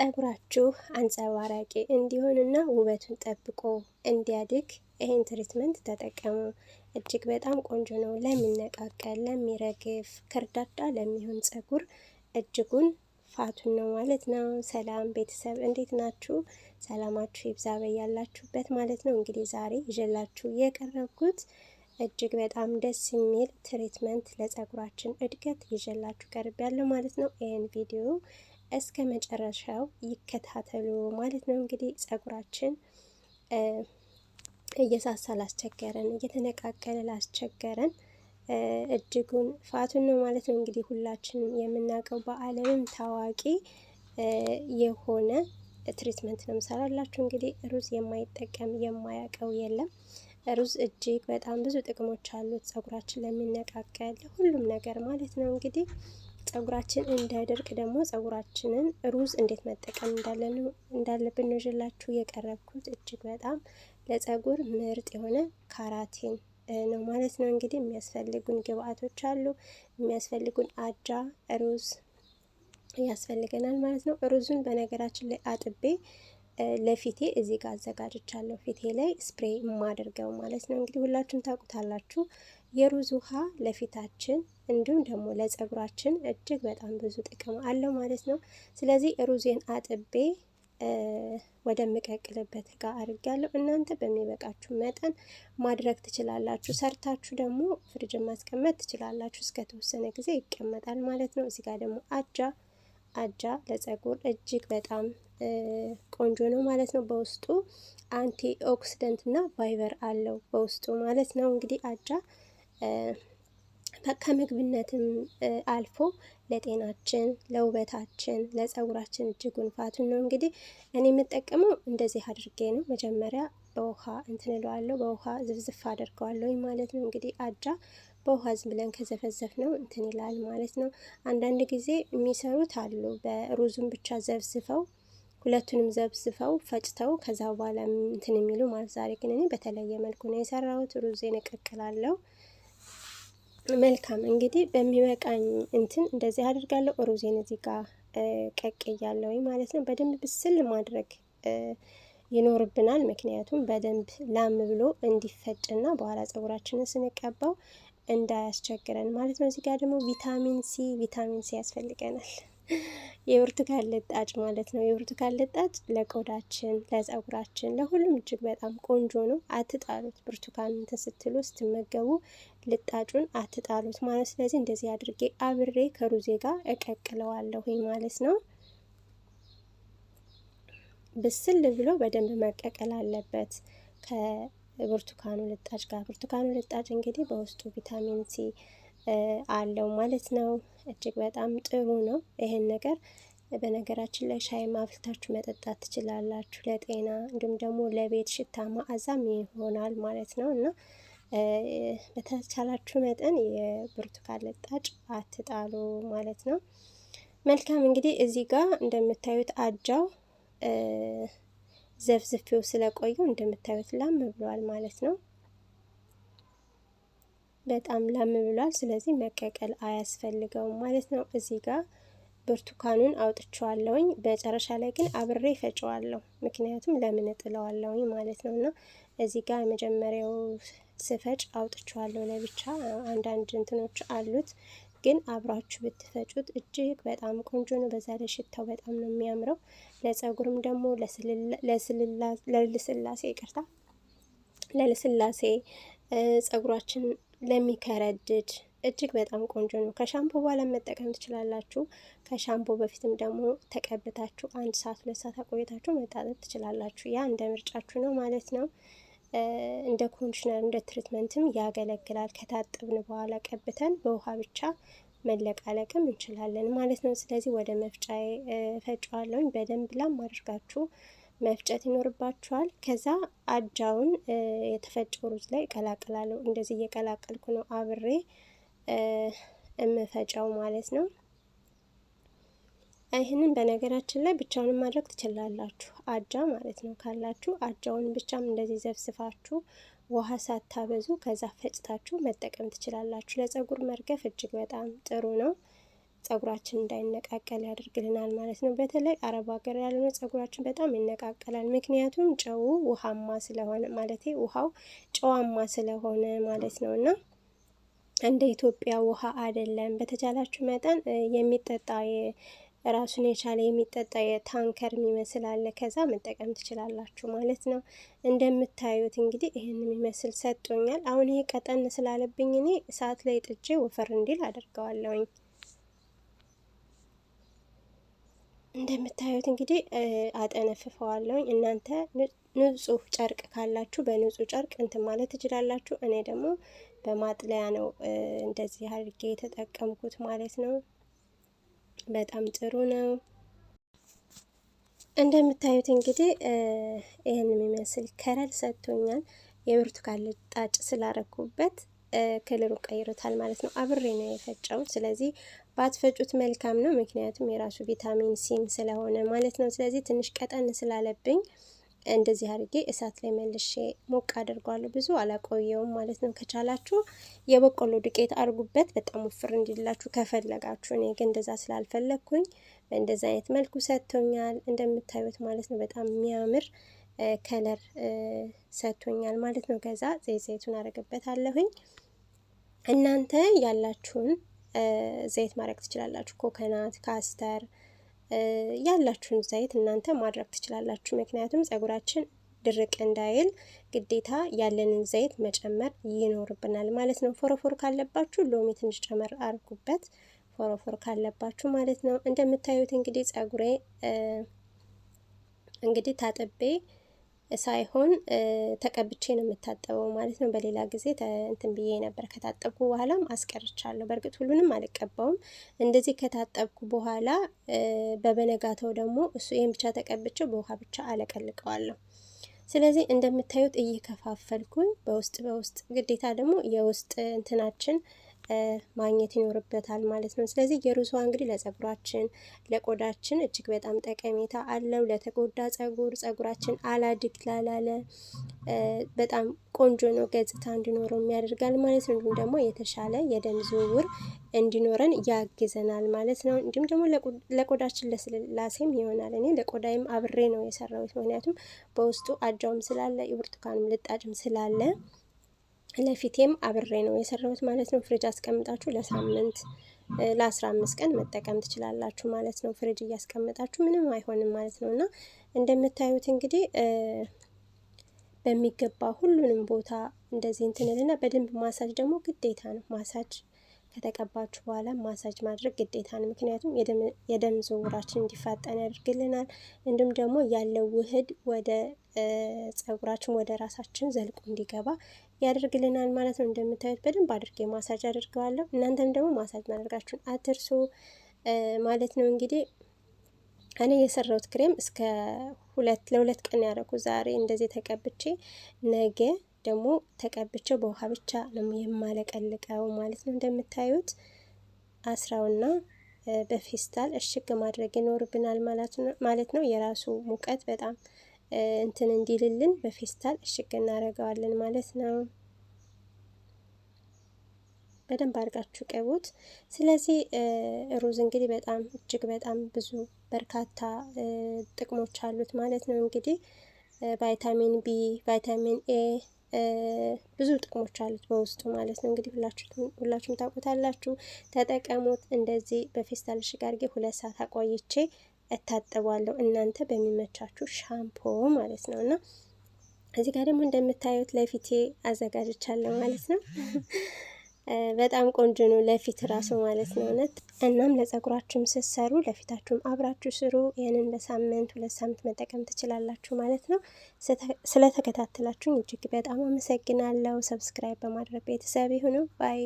ጸጉራችሁ አንጸባራቂ እንዲሆንና ውበቱን ጠብቆ እንዲያድግ ይህን ትሪትመንት ተጠቀሙ። እጅግ በጣም ቆንጆ ነው። ለሚነቃቀል፣ ለሚረግፍ፣ ከርዳዳ ለሚሆን ፀጉር እጅጉን ፋቱን ነው ማለት ነው። ሰላም ቤተሰብ እንዴት ናችሁ? ሰላማችሁ ይብዛ በያላችሁበት ማለት ነው። እንግዲህ ዛሬ ይዤላችሁ የቀረብኩት እጅግ በጣም ደስ የሚል ትሪትመንት ለፀጉራችን እድገት ይዤላችሁ ቀርብ ያለው ማለት ነው። ይህን ቪዲዮ እስከ መጨረሻው ይከታተሉ ማለት ነው። እንግዲህ ጸጉራችን እየሳሳ ላስቸገረን፣ እየተነቃቀለ ላስቸገረን እጅጉን ፋቱን ነው ማለት ነው። እንግዲህ ሁላችንም የምናውቀው በዓለምም ታዋቂ የሆነ ትሪትመንት ነው ምሰራላችሁ። እንግዲህ ሩዝ የማይጠቀም የማያውቀው የለም። ሩዝ እጅግ በጣም ብዙ ጥቅሞች አሉት፣ ጸጉራችን ለሚነቃቀል ሁሉም ነገር ማለት ነው እንግዲህ ፀጉራችን እንዳይደርቅ ደግሞ ፀጉራችንን ሩዝ እንዴት መጠቀም እንዳለብን ነው ይዤላችሁ የቀረብኩት። እጅግ በጣም ለፀጉር ምርጥ የሆነ ካራቲን ነው ማለት ነው። እንግዲህ የሚያስፈልጉን ግብአቶች አሉ። የሚያስፈልጉን አጃ፣ ሩዝ ያስፈልገናል ማለት ነው። ሩዙን በነገራችን ላይ አጥቤ ለፊቴ እዚህ ጋር አዘጋጅቻለሁ። ፊቴ ላይ ስፕሬይ የማደርገው ማለት ነው። እንግዲህ ሁላችሁም ታውቁታላችሁ። የሩዝ ውሃ ለፊታችን እንዲሁም ደግሞ ለፀጉራችን እጅግ በጣም ብዙ ጥቅም አለው ማለት ነው። ስለዚህ ሩዜን አጥቤ ወደምቀቅልበት እቃ አድርጋለሁ። እናንተ በሚበቃችሁ መጠን ማድረግ ትችላላችሁ። ሰርታችሁ ደግሞ ፍርጅ ማስቀመጥ ትችላላችሁ። እስከ ተወሰነ ጊዜ ይቀመጣል ማለት ነው። እዚህ ጋር ደግሞ አጃ አጃ ለፀጉር እጅግ በጣም ቆንጆ ነው ማለት ነው። በውስጡ አንቲ ኦክሲደንት እና ቫይበር አለው በውስጡ ማለት ነው። እንግዲህ አጃ ከምግብነትም አልፎ ለጤናችን፣ ለውበታችን፣ ለፀጉራችን እጅጉን ፋቱን ነው። እንግዲህ እኔ የምጠቀመው እንደዚህ አድርጌ ነው። መጀመሪያ በውሃ እንትን እለዋለሁ፣ በውሃ ዝብዝፍ አደርገዋለሁ ማለት ነው። እንግዲህ አጃ በውሃ ዝም ብለን ከዘፈዘፍ ነው እንትን ይላል ማለት ነው። አንዳንድ ጊዜ የሚሰሩት አሉ በሩዙም ብቻ ዘብዝፈው ሁለቱንም ዘብዝፈው ፈጭተው ከዛ በኋላ እንትን የሚሉ ማለት። ዛሬ ግን እኔ በተለየ መልኩ ነው የሰራሁት። ሩዜ ንቀቅላለሁ መልካም እንግዲህ በሚበቃኝ እንትን እንደዚህ አድርጋለሁ። ሩዜን እዚህ ጋር ቀቅ እያለሁ ማለት ነው። በደንብ ብስል ማድረግ ይኖርብናል። ምክንያቱም በደንብ ላም ብሎ እንዲፈጭና በኋላ ጸጉራችንን ስንቀባው እንዳያስቸግረን ማለት ነው። እዚህ ጋር ደግሞ ቪታሚን ሲ ቪታሚን ሲ ያስፈልገናል። የብርቱካን ልጣጭ ማለት ነው። የብርቱካን ልጣጭ ለቆዳችን፣ ለፀጉራችን፣ ለሁሉም እጅግ በጣም ቆንጆ ነው። አትጣሉት። ብርቱካን ተስትሉ ስትመገቡ ልጣጩን አትጣሉት ማለት ስለዚህ እንደዚህ አድርጌ አብሬ ከሩዜ ጋር እቀቅለዋለሁ ማለት ነው። ብስል ብሎ በደንብ መቀቀል አለበት ከብርቱካኑ ልጣጭ ጋር። ብርቱካኑ ልጣጭ እንግዲህ በውስጡ ቪታሚን ሲ አለው ማለት ነው። እጅግ በጣም ጥሩ ነው ይሄን ነገር። በነገራችን ላይ ሻይ ማፍልታችሁ መጠጣት ትችላላችሁ። ለጤና እንዲሁም ደግሞ ለቤት ሽታ ማዕዛም ይሆናል ማለት ነው እና በተቻላችሁ መጠን የብርቱካን ልጣጭ አትጣሉ ማለት ነው። መልካም እንግዲህ እዚህ ጋር እንደምታዩት አጃው ዘፍዝፌው ስለቆየው እንደምታዩት ላም ብሏል ማለት ነው። በጣም ላም ብሏል። ስለዚህ መቀቀል አያስፈልገውም ማለት ነው። እዚህ ጋር ብርቱካኑን አውጥቸዋለሁኝ። መጨረሻ ላይ ግን አብሬ ፈጨዋለሁ፣ ምክንያቱም ለምን እጥለዋለሁኝ ማለት ነው። እና እዚህ ጋር የመጀመሪያው ስፈጭ አውጥቸዋለሁ ለብቻ። አንዳንድ እንትኖች አሉት፣ ግን አብራችሁ ብትፈጩት እጅግ በጣም ቆንጆ ነው። በዛ ላይ ሽታው በጣም ነው የሚያምረው። ለጸጉርም ደግሞ ለልስላሴ፣ ይቅርታ ለልስላሴ ጸጉሯችን ለሚከረድድ እጅግ በጣም ቆንጆ ነው። ከሻምፖ በኋላ መጠቀም ትችላላችሁ። ከሻምፖ በፊትም ደግሞ ተቀብታችሁ አንድ ሰዓት ሁለት ሰዓት አቆይታችሁ መጣጠጥ ትችላላችሁ። ያ እንደ ምርጫችሁ ነው ማለት ነው። እንደ ኮንዲሽነር እንደ ትሪትመንትም ያገለግላል። ከታጠብን በኋላ ቀብተን በውሃ ብቻ መለቃለቅም እንችላለን ማለት ነው። ስለዚህ ወደ መፍጫ ፈጫዋለውኝ በደንብ ላም አድርጋችሁ መፍጨት ይኖርባችኋል። ከዛ አጃውን የተፈጨው ሩዝ ላይ እቀላቅላለሁ። እንደዚህ እየቀላቀልኩ ነው አብሬ እምፈጨው ማለት ነው። ይህንን በነገራችን ላይ ብቻውንም ማድረግ ትችላላችሁ፣ አጃ ማለት ነው ካላችሁ አጃውን ብቻም እንደዚህ ዘብስፋችሁ ውሃ ሳታበዙ ከዛ ፈጭታችሁ መጠቀም ትችላላችሁ። ለፀጉር መርገፍ እጅግ በጣም ጥሩ ነው። ጸጉራችን እንዳይነቃቀል ያደርግልናል ማለት ነው። በተለይ አረብ ሀገር ያለነው ጸጉራችን በጣም ይነቃቀላል። ምክንያቱም ጨው ውሃማ ስለሆነ ማለት ውሃው ጨዋማ ስለሆነ ማለት ነው እና እንደ ኢትዮጵያ ውሃ አይደለም። በተቻላችሁ መጠን የሚጠጣ ራሱን የቻለ የሚጠጣ የታንከር የሚመስል አለ። ከዛ መጠቀም ትችላላችሁ ማለት ነው። እንደምታዩት እንግዲህ ይህን የሚመስል ሰጥቶኛል። አሁን ይሄ ቀጠን ስላለብኝ እኔ ሰዓት ላይ ጥጄ ወፈር እንዲል አድርገዋለሁኝ። እንደምታዩት እንግዲህ አጠነፍፈዋለሁኝ። እናንተ ንጹህ ጨርቅ ካላችሁ በንጹህ ጨርቅ እንትን ማለት ትችላላችሁ። እኔ ደግሞ በማጥለያ ነው እንደዚህ አድርጌ የተጠቀምኩት ማለት ነው። በጣም ጥሩ ነው። እንደምታዩት እንግዲህ ይህን የሚመስል ከረል ሰጥቶኛል። የብርቱካን ልጣጭ ስላረኩበት ከለሩ ቀይሮታል ማለት ነው። አብሬ ነው የፈጨሁት። ስለዚህ ባትፈጩት መልካም ነው፣ ምክንያቱም የራሱ ቪታሚን ሲም ስለሆነ ማለት ነው። ስለዚህ ትንሽ ቀጠን ስላለብኝ እንደዚህ አድርጌ እሳት ላይ መልሼ ሞቅ አድርጓለሁ። ብዙ አላቆየውም ማለት ነው። ከቻላችሁ የበቆሎ ዱቄት አድርጉበት በጣም ወፍር እንዲላችሁ ከፈለጋችሁ። እኔ ግን እንደዛ ስላልፈለግኩኝ በእንደዚ አይነት መልኩ ሰጥቶኛል፣ እንደምታዩት ማለት ነው። በጣም የሚያምር ከለር ሰጥቶኛል ማለት ነው። ከዛ ዘይት ዘይቱን አደርግበታለሁኝ። እናንተ ያላችሁን ዘይት ማድረግ ትችላላችሁ። ኮኮናት፣ ካስተር ያላችሁን ዘይት እናንተ ማድረግ ትችላላችሁ። ምክንያቱም ጸጉራችን ድርቅ እንዳይል ግዴታ ያለንን ዘይት መጨመር ይኖርብናል ማለት ነው። ፎረፎር ካለባችሁ ሎሚ ትንሽ ጨመር አድርጉበት፣ ፎረፎር ካለባችሁ ማለት ነው። እንደምታዩት እንግዲህ ጸጉሬ እንግዲህ ታጥቤ ሳይሆን ተቀብቼ ነው የምታጠበው ማለት ነው። በሌላ ጊዜ እንትን ብዬ ነበር። ከታጠብኩ በኋላም አስቀርቻለሁ። በእርግጥ ሁሉንም አልቀባውም። እንደዚህ ከታጠብኩ በኋላ በበነጋተው ደግሞ እሱ ይህን ብቻ ተቀብቼው በውሃ ብቻ አለቀልቀዋለሁ። ስለዚህ እንደምታዩት እየከፋፈልኩኝ በውስጥ በውስጥ ግዴታ ደግሞ የውስጥ እንትናችን ማግኘት ይኖርበታል ማለት ነው። ስለዚህ የሩዝ ውሃ እንግዲህ ለጸጉራችን፣ ለቆዳችን እጅግ በጣም ጠቀሜታ አለው። ለተጎዳ ጸጉር፣ ጸጉራችን አላድግ ላላለ በጣም ቆንጆ ነው፣ ገጽታ እንዲኖረው የሚያደርጋል ማለት ነው። እንዲሁም ደግሞ የተሻለ የደም ዝውውር እንዲኖረን ያግዘናል ማለት ነው። እንዲሁም ደግሞ ለቆዳችን ለስላሴም ይሆናል። እኔ ለቆዳይም አብሬ ነው የሰራሁት፣ ምክንያቱም በውስጡ አጃውም ስላለ የብርቱካንም ልጣጭም ስላለ ለፊቴም አብሬ ነው የሰራሁት ማለት ነው። ፍሪጅ አስቀምጣችሁ ለሳምንት ለአስራ አምስት ቀን መጠቀም ትችላላችሁ ማለት ነው። ፍሪጅ እያስቀምጣችሁ ምንም አይሆንም ማለት ነው እና እንደምታዩት እንግዲህ በሚገባ ሁሉንም ቦታ እንደዚህ እንትንልና በደንብ ማሳጅ ደግሞ ግዴታ ነው። ማሳጅ ከተቀባችሁ በኋላ ማሳጅ ማድረግ ግዴታ ነው። ምክንያቱም የደም ዝውውራችን እንዲፋጠን ያደርግልናል። እንዲሁም ደግሞ ያለው ውህድ ወደ ጸጉራችን ወደ ራሳችን ዘልቆ እንዲገባ ያደርግልናል ማለት ነው። እንደምታዩት በደንብ አድርጌ ማሳጅ አድርገዋለሁ። እናንተም ደግሞ ማሳጅ ማድረጋችሁን አትርሱ ማለት ነው። እንግዲህ እኔ የሰራሁት ክሬም እስከ ሁለት ለሁለት ቀን ያደረኩ ዛሬ እንደዚህ ተቀብቼ ነገ ደግሞ ተቀብቼው በውሃ ብቻ ነው የማለቀልቀው ማለት ነው። እንደምታዩት አስራውና በፌስታል እሽግ ማድረግ ይኖርብናል ማለት ነው። የራሱ ሙቀት በጣም እንትን እንዲልልን በፌስታል እሽግ እናደርገዋለን ማለት ነው። በደንብ አድርጋችሁ ቅቡት። ስለዚህ ሩዝ እንግዲህ በጣም እጅግ በጣም ብዙ በርካታ ጥቅሞች አሉት ማለት ነው። እንግዲህ ቫይታሚን ቢ፣ ቫይታሚን ኤ ብዙ ጥቅሞች አሉት በውስጡ ማለት ነው። እንግዲህ ሁላችሁም ታውቁታላችሁ፣ ተጠቀሙት። እንደዚህ በፌስታል እሽግ አድርጌ ሁለት ሰዓት አቆይቼ እታጠባለሁ። እናንተ በሚመቻችሁ ሻምፖ ማለት ነው እና እዚህ ጋር ደግሞ እንደምታዩት ለፊቴ አዘጋጅቻለሁ ማለት ነው። በጣም ቆንጆ ነው ለፊት ራሱ ማለት ነው እውነት። እናም ለጸጉራችሁም ስትሰሩ ለፊታችሁም አብራችሁ ስሩ። ይህንን በሳምንት ሁለት ሳምንት መጠቀም ትችላላችሁ ማለት ነው። ስለተከታተላችሁኝ እጅግ በጣም አመሰግናለሁ። ሰብስክራይብ በማድረግ ቤተሰብ ይሁኑ ባይ